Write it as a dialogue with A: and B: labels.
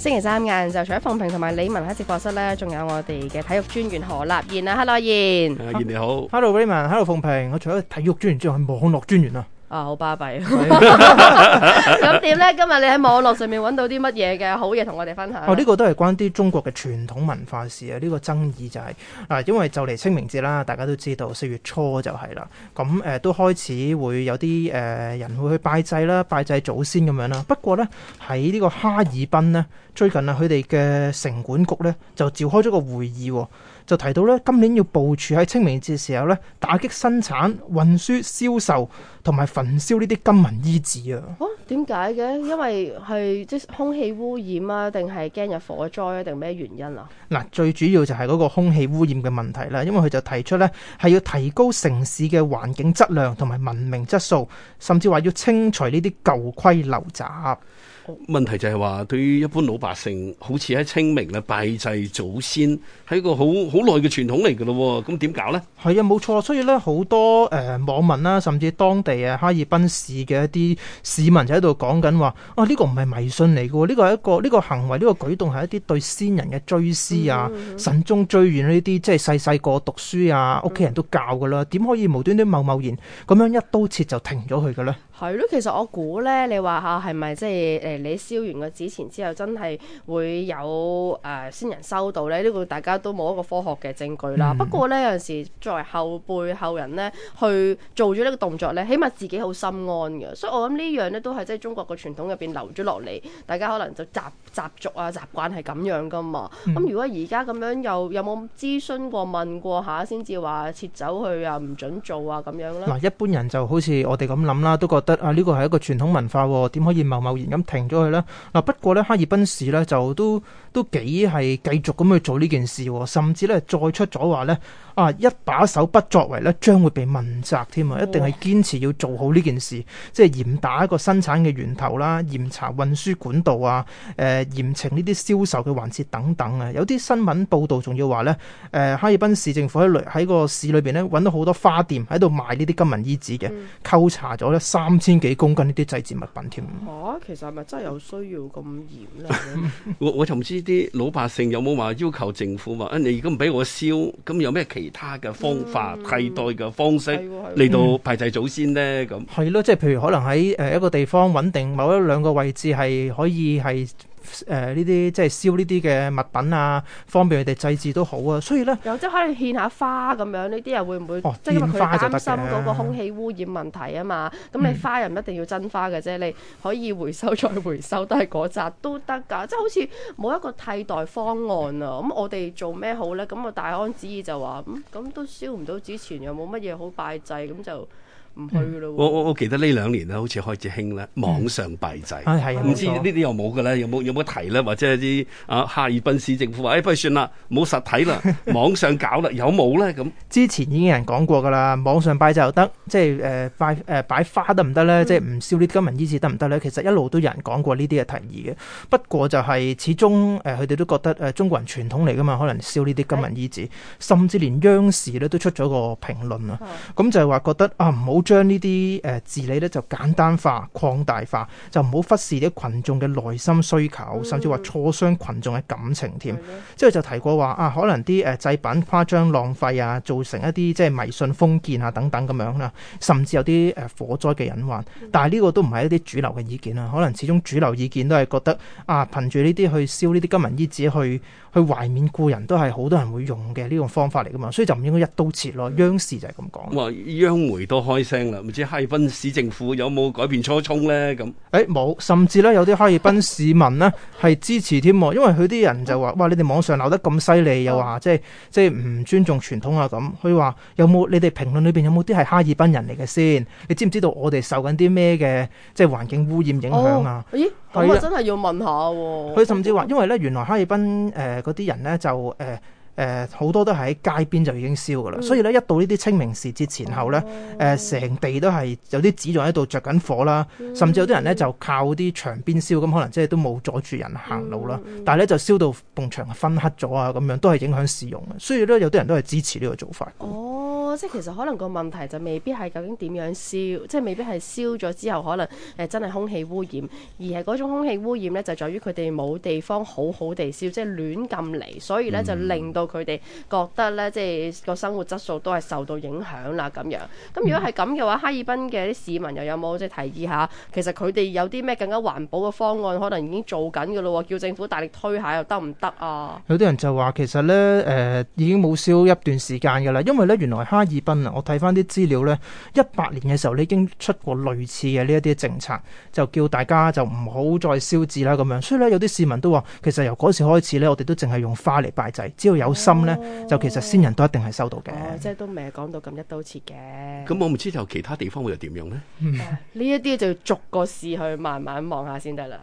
A: 星期三晏晝，除咗馮平同埋李文喺直播室咧，仲有我哋嘅體育專員何立彥啊，Hello 彥，彥
B: 你好，Hello Raymond，Hello 馮平，我除咗體育專員之外，係網絡專員啊。啊，好巴閉！咁點
A: 呢？今日你喺網絡上面揾到啲乜嘢嘅好嘢同我哋分享？哦，呢、這
B: 個都係關啲中國嘅傳統文化事啊！呢、這個爭議就係、是、嗱、啊，因為就嚟清明節啦，大家都知道四月初就係啦，咁誒、呃、都開始會有啲誒、呃、人會去拜祭啦、拜祭祖先咁樣啦。不過呢，喺呢個哈爾濱呢，最近啊，佢哋嘅城管局呢，就召開咗個會議，就提到呢，今年要部署喺清明節時候呢，打擊生產、運輸、銷售同埋焚燒呢啲金銀衣紙啊？啊，
A: 點解嘅？因為係即係空氣污染啊，定係驚入火災啊，定咩原因啊？
B: 嗱，最主要就係嗰個空氣污染嘅問題啦。因為佢就提出呢，係要提高城市嘅環境質量同埋文明質素，甚至話要清除呢啲舊規陋習。問題就係話，對於一般老百姓，好似喺清明咧拜祭祖先，係一個好好耐嘅傳統嚟噶咯。咁點搞呢？係啊，冇錯。所以呢，好多誒網民啦、啊，甚至當地啊，哈爾濱市嘅一啲市民就喺度講緊話，啊呢、這個唔係迷信嚟噶，呢、這個係一個呢、這個行為，呢、這個舉動係一啲對先人嘅追思啊，慎終追遠呢啲，即係細細個讀書啊，屋企人都教噶啦，點可以無端端貿貿然咁樣一刀切就停咗佢嘅咧？
A: 係咯，其實我估咧，你話吓係咪即係誒你燒完個紙錢之後，真係會有誒、呃、先人收到咧？呢、呢個大家都冇一個科學嘅證據啦。嗯、不過咧，有陣時作為後輩後人咧，去做咗呢個動作咧，起碼自己好心安嘅。所以我諗呢樣咧都係即係中國個傳統入邊留咗落嚟，大家可能就習習俗啊、習慣係咁樣噶嘛。咁、嗯、如果而家咁樣又有冇諮詢過、問過下先至話撤走去啊，唔準做啊咁樣咧？嗱、啊，
B: 一般人就好似我哋咁諗啦，都覺得。啊！呢、這個係一個傳統文化、哦，點可以貿貿然咁停咗佢呢？嗱，不過呢，哈爾濱市呢就都都幾係繼續咁去做呢件事、哦，甚至呢，再出咗話呢。啊！一把手不作為咧，將會被問責添啊！一定係堅持要做好呢件事，即係嚴打一個生產嘅源頭啦，嚴查運輸管道啊，誒、呃、嚴懲呢啲銷售嘅環節等等啊！有啲新聞報道仲要話呢，誒、呃、哈爾濱市政府喺裏喺個市裏邊咧揾到好多花店喺度賣呢啲金銀衣紙嘅，扣、嗯、查咗呢三千幾公斤呢啲祭祀物品添。
A: 嚇、啊！其實係咪真係有需要咁嚴咧 ？
B: 我我就唔知啲老百姓有冇話要求政府話：誒你如果唔俾我燒，咁有咩奇？」其他嘅方法替、嗯、代嘅方式嚟到排祭祖先咧，咁，係咯，即係譬如可能喺誒一個地方穩定某一個兩個位置係可以係。誒，呢啲、呃、即係燒呢啲嘅物品啊，方便佢哋祭祀都好啊。所以咧，
A: 又即係可以獻下花咁樣，呢啲又會唔會哦？即係因為佢擔心嗰個空氣污染問題啊嘛。咁你、嗯嗯、花又唔一定要真花嘅啫，你可以回收再回收，都係嗰扎都得噶。即係好似冇一個替代方案啊。咁我哋做咩好咧？咁我大安旨意就話咁咁都燒唔到，之前又冇乜嘢好拜祭，咁就。唔
B: 去咯、啊。我我我記得呢兩年咧，好似開始興啦，網上拜祭。係係唔知有有呢啲有冇嘅咧？有冇有冇提咧？或者一啲啊哈爾濱市政府話，哎，不如算啦，冇實體啦，網上搞啦， 有冇咧？咁之前已經有人講過噶啦，網上拜祭得即係誒拜誒擺花得唔得咧？即係唔燒呢啲、嗯、金銀衣紙得唔得咧？其實一路都有人講過呢啲嘅提議嘅。不過就係始終誒，佢、呃、哋都覺得誒中國人傳統嚟噶嘛，可能燒呢啲金銀衣紙，欸、甚至連央視咧都出咗個評論啊。咁就係話覺得啊，唔好。將呢啲誒治理咧就簡單化、擴大化，就唔好忽視啲群眾嘅內心需求，甚至話挫傷群眾嘅感情添。之後就提過話啊，可能啲誒製品誇張浪費啊，造成一啲即係迷信封建啊等等咁樣啦，甚至有啲誒火災嘅隱患。但係呢個都唔係一啲主流嘅意見啦。可能始終主流意見都係覺得啊，憑住呢啲去燒呢啲金銀衣紙去去懷緬故人都係好多人會用嘅呢種方法嚟㗎嘛，所以就唔應該一刀切咯。央視就係咁講。哇，央媒都開。唔知哈爾濱市政府有冇改變初衷咧？咁、欸，誒冇，甚至咧有啲哈爾濱市民呢係 支持添，因為佢啲人就話，哇，你哋網上鬧得咁犀利，又話即係即係唔尊重傳統啊咁。佢話有冇你哋評論裏邊有冇啲係哈爾濱人嚟嘅先？你知唔知道我哋受緊啲咩嘅即係環境污染影響啊、哦？咦，
A: 咁真係要問下、啊。佢甚至話，因
B: 為咧原來哈爾濱誒嗰啲人呢就誒。呃誒，好、呃、多都喺街邊就已經燒噶啦，嗯、所以咧一到呢啲清明時節前後咧，誒、哦呃，成地都係有啲紙仲喺度着緊火啦，嗯、甚至有啲人咧就靠啲牆邊燒，咁可能即係都冇阻住人行路啦，嗯、但係咧就燒到埲牆分黑咗啊，咁樣都係影響市容嘅，所以咧有啲人都係支持呢個做法。
A: 哦即係其實可能個問題就未必係究竟點樣燒，即係未必係燒咗之後可能誒真係空氣污染，而係嗰種空氣污染呢，就在於佢哋冇地方好好地燒，即係亂咁嚟，所以呢就令到佢哋覺得呢，即係個生活質素都係受到影響啦咁樣。咁如果係咁嘅話，哈爾濱嘅啲市民又有冇即係提議下，其實佢哋有啲咩更加環保嘅方案，可能已經做緊嘅咯喎，叫政府大力推下又得唔得啊？
B: 有啲人就話其實呢，誒、呃、已經冇燒一段時間嘅啦，因為呢原來哈哈爾濱啊，我睇翻啲資料咧，一八年嘅時候你已經出過類似嘅呢一啲政策，就叫大家就唔好再燒紙啦咁樣。所以咧，有啲市民都話，其實由嗰時開始咧，我哋都淨係用花嚟拜祭，只要有心咧，哦、就其實先人都一定係收
A: 到嘅、哦哦。即係都未講到咁一刀切嘅。咁我
B: 唔知就其他地方會又點樣咧？
A: 呢一啲就要逐個試去慢慢望下先得啦。